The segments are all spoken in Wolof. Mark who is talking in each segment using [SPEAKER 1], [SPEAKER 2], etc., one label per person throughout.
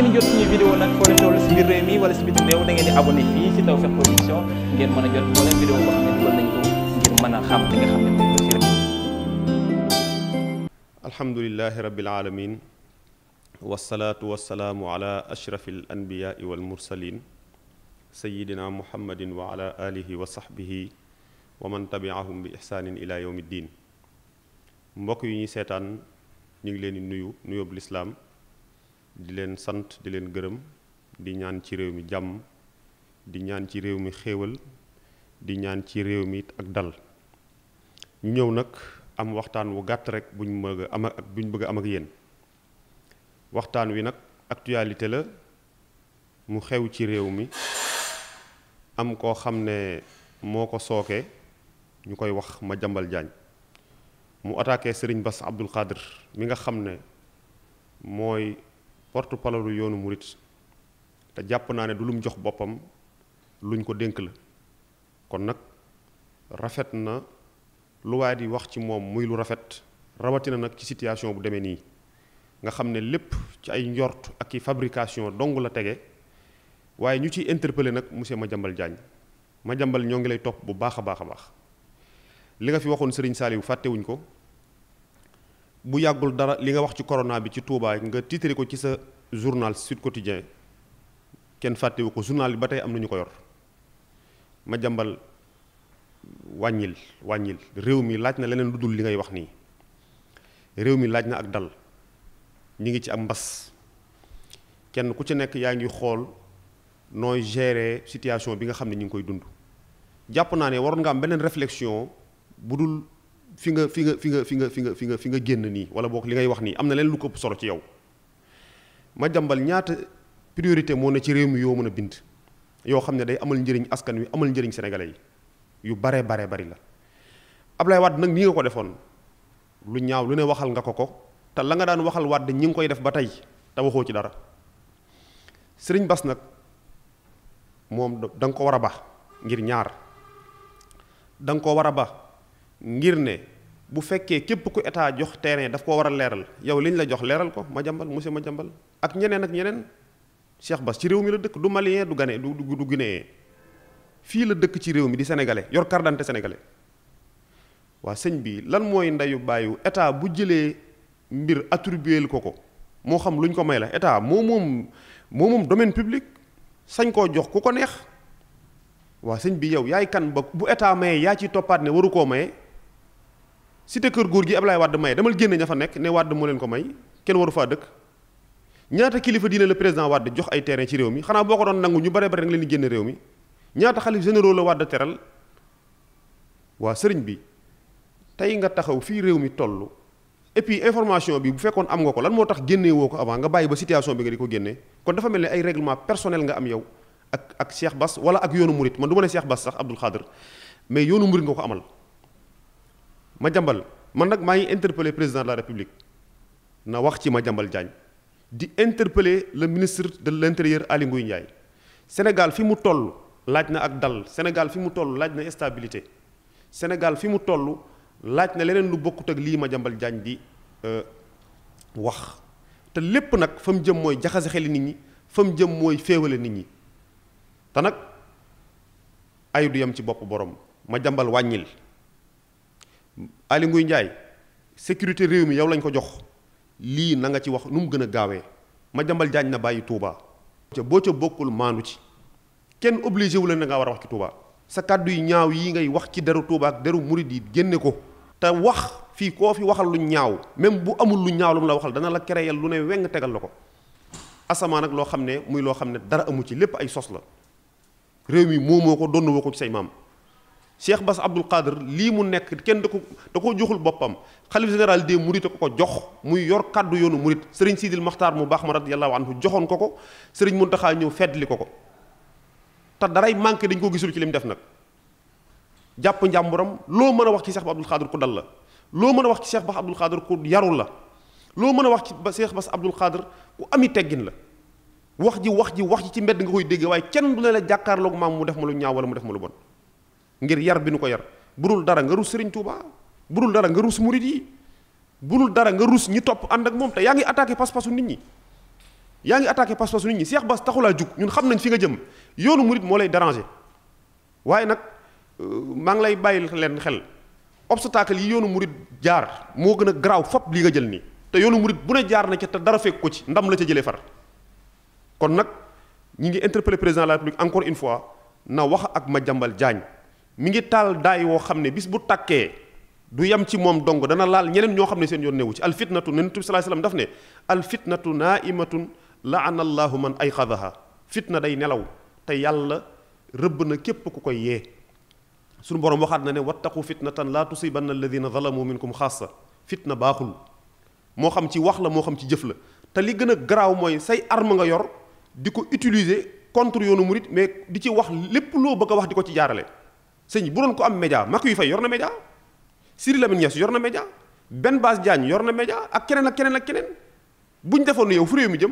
[SPEAKER 1] ngeen jot suñu vidéo nag foo leen toll si biir réew mi wala si biti réew da ngeen di abonné fii si Tawfekh Production ngeen mën a jot moo leen vidéo boo xam ne dugal nañ ko ngir mën a xam li nga xam ne moom la rek. alhamdulilahi rabbil alamin wasalaatu wasalaamu ala ashrafi al anbiyaai wal mursalin sayidina muhammadin wa ala alihi wa sahbihi wa man tabiahum bi ihsaanin ila yawmi ddin mbokk yu ñuy seetaan ñu ngi leen di nuyu nuyób lislaam di leen sant di leen gërëm di ñaan ci réew mi jàmm di ñaan ci réew mi xéewal di ñaan ci réew mi ak dal ñëw nag am waxtaan wu gàtt rek buñ bëgg am ak buñ bëgg am ak yéen waxtaan wi nag actualité la mu xew ci réew mi am koo xam ne moo ko sooke ñu koy wax ma jàmbal Diagne mu attaqué sëriñ Bass Abdou Khadre mi nga xam ne mooy porte parole yoonu murit te jàpp naa ne du lum jox boppam luñ ko dénk la kon nag rafet na lu waay di wax ci moom muy lu rafet rawatina nag ci situation bu demee nii nga xam ne lépp ci ay njort ak i fabrication dong la tege waaye ñu ci interpellé nag monsieur Madiambal ma jambal ñoo ngi lay topp bu baax a baax a baax li nga fi waxoon Serigne Saliou fàttewuñ ko bu yàggul dara li nga wax ci corona bi ci Touba nga titre ko ci sa journal Sud Quotidien kenn fàttewu ko journal bi ba tey am na ñu ko yor ma jàmbal wàññil wàññil réew mi laaj na leneen lu dul li ngay wax nii réew mi laaj na ak dal ñi ngi ci am mbas kenn ku ci nekk yaa ngi xool nooy gérer situation bi nga xam ne ñu ngi koy dund jàpp naa ne waroon nga am beneen reflexion bu dul. fi nga fi nga fi nga fi nga fi nga fi nga fi nga génn nii wala boog li ngay wax nii am na leen lu ko ëpp solo ci yow ma jàmbal ñaata priorité moo ne ci réew mi yoo mën a bind yoo xam ne day amal njëriñ askan wi amal njëriñ sénégalais yu baree baree bari la Ablaye nag nii ko defoon lu ñaaw lu ne waxal nga ko ko te la nga daan waxal Wade ñi ngi koy def ba tey te waxoo ci dara sëriñ Bas nag moom da nga ko war a ba ngir ñaar danga ko war a ba ngir ne bu fekkee képp ku état jox terrain daf ko war a leeral yow liñ la jox leeral ko ma jambal monsieur ma jambal ak ñeneen ak ñeneen Cheikh Bass ci réew mi la dëkk du malien du Gane du du Guinéen fii la dëkk ci réew mi di sénégalais yor carte d'identité sénégalais waa sëñ bi lan mooy ndeyu bàyyu état bu jëlee mbir attribué ko ko moo xam luñ ko may la état moo moom moo moom domaine public sañ koo jox ku ko neex waa sëñ bi yow yaay kan ba bu état mayee yaa ciy toppaat ne waru koo maye. cité kër góor gi Ablaye Wade may damal génne ña fa nekk ne Wade moo leen ko may kenn waru faa dëkk ñaata kilifa diine la président Wade jox ay terrain ci réew mi xanaa boo ko doon nangu ñu bare bare rek leen di génne réew mi ñaata xalif généraux la Wade teral waa sëriñ bi tey nga taxaw fii réew mi toll et puis information bi bu fekkoon am nga ko lan moo tax génne woo ko avant nga bàyyi ba situation bi nga di ko génne kon dafa mel ni ay règlement personnel nga am yow ak ak Cheikh ak yoonu Murit man du ma ne Cheikh sax Abdoul Khadr mais yoonu Murit nga ko amal. ma Madiambal man nag maa ngi interpellé président de la république na wax ci ma Madiambal Diagne di interpellé le ministre de l' intérieur Aly Ngouille Ndiaye Sénégal fi mu toll laaj na ak dal Sénégal fi mu toll laaj na stabilité Sénégal fi mu toll laaj na leneen lu bokkut ak lii Madiambal Diagne di euh, wax te lépp nag fa mu jëm mooy jaxase xeli nit ñi fa mu jëm mooy féewale nit ñi te nag ay du yam ci bopp borom Madiambal wàññil Aly Ngouille sécurité réew mi yow lañ ko jox lii na nga ci wax nu mu gën a gaawee Madiambal Diagne na bàyyi Touba. boo ca bokkul maandu ci kenn obligé wu la ne war a wax ci Touba sa kàddu yu ñaaw yi ngay wax ci deru Touba ak deru murid yi génne ko. te wax fii koo fi waxal lu ñaaw même bu amul lu ñaaw lu mu la waxal dana la créer lu ne weng tegal la ko asamaan nag loo xam ne muy loo xam ne dara amul ci lépp ay sos la réew mi moomoo ko donn woo ko say maam. Cheikh Bass Abdoul Khadr lii mu nekk kenn da ko da koo joxul boppam xalif général des Mourides ko ko jox muy yor kàddu yoonu Mouride sëriñ Sidil Maxtaar mu baax ma radiyallahu anhu joxoon ko ko sëriñ Muntaxa ñëw feddli ko ko te daray manqué dañ koo gisul ci li mu def nag jàpp njàmburam loo mën a wax ci Cheikh Bass Abdoul Khadr ku dal la loo mën a wax ci Cheikh Bass Abdoul Khadr ku yaru la loo mën a wax ci Cheikh Bass Abdoul Khadr ku ami teggin la wax ji wax ji wax ji ci mbedd nga koy dégg waaye kenn du ne la jàkkaarloog maam mu def ma lu mu def ma lu bon ngir yar bi nu ko yar budul dara nga rus Serigne Touba budul dara nga rus murid yi budul dara nga rus ñi topp ànd ak moom te yaa ngi attaqué pas-pasu nit ñi yaa ngi attaqué pas-pasu nit ñi Cheikh Bass taxulaa jug ñun xam nañ fi nga jëm yoonu murid moo lay déranger waaye nag euh, maa ngi lay bàyyi leen xel obstacle yi yoonu murid jaar moo gën a garaaw fop li nga jël nii te yoonu murid bu ne jaar na ca te dara fekk ko ci ndam la ca jëlee far kon nag ñi ngi interpellé président de la une fois na wax ak Madiambal Diagne mi ngi taal daay woo xam ne bis bu takkee du yem ci moom dong dana laal ñeneen ñoo xam ne seen yoon newu ci alfitnatu Yonent bi sallallahu alayhi wasallam daf ne alfitnatu naaimatun laana allahu man ay ayqadaha fitna day nelaw te yàlla rëbb na képp ku koy yee suñu borom waxaat na ne wattaqu fitnatan laa tusibanna alladina zalamu minkum xaasa fitna baaxul moo xam ci wax la moo xam ci jëf la te li gën a garaaw mooy say arme nga yor di ko utiliser contre yoonu it mais di ci wax lépp loo bëgg wax di ko ci jaarale sëñ bu doon ko am média yu fay yor na média Sidy Lamine Niass yor na média benn Bass Diagne yor na média ak keneen ak keneen ak keneen buñ defoon yow fu réew mi jëm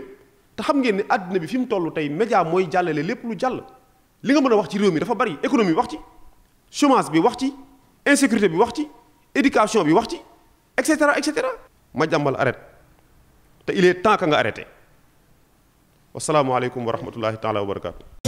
[SPEAKER 1] te xam ngeen ne àddina bi fi mu toll tey média mooy jàllale lépp lu jàll li nga mën a wax ci réew mi dafa bari économie wax ci chômage bi wax ci insécurité bi wax ci éducation bi wax ci et cetera et ma jàmbal arrête te il est temps que nga arrêté wasalaamualeykum wa rahmatullahi taala wa barakaatu.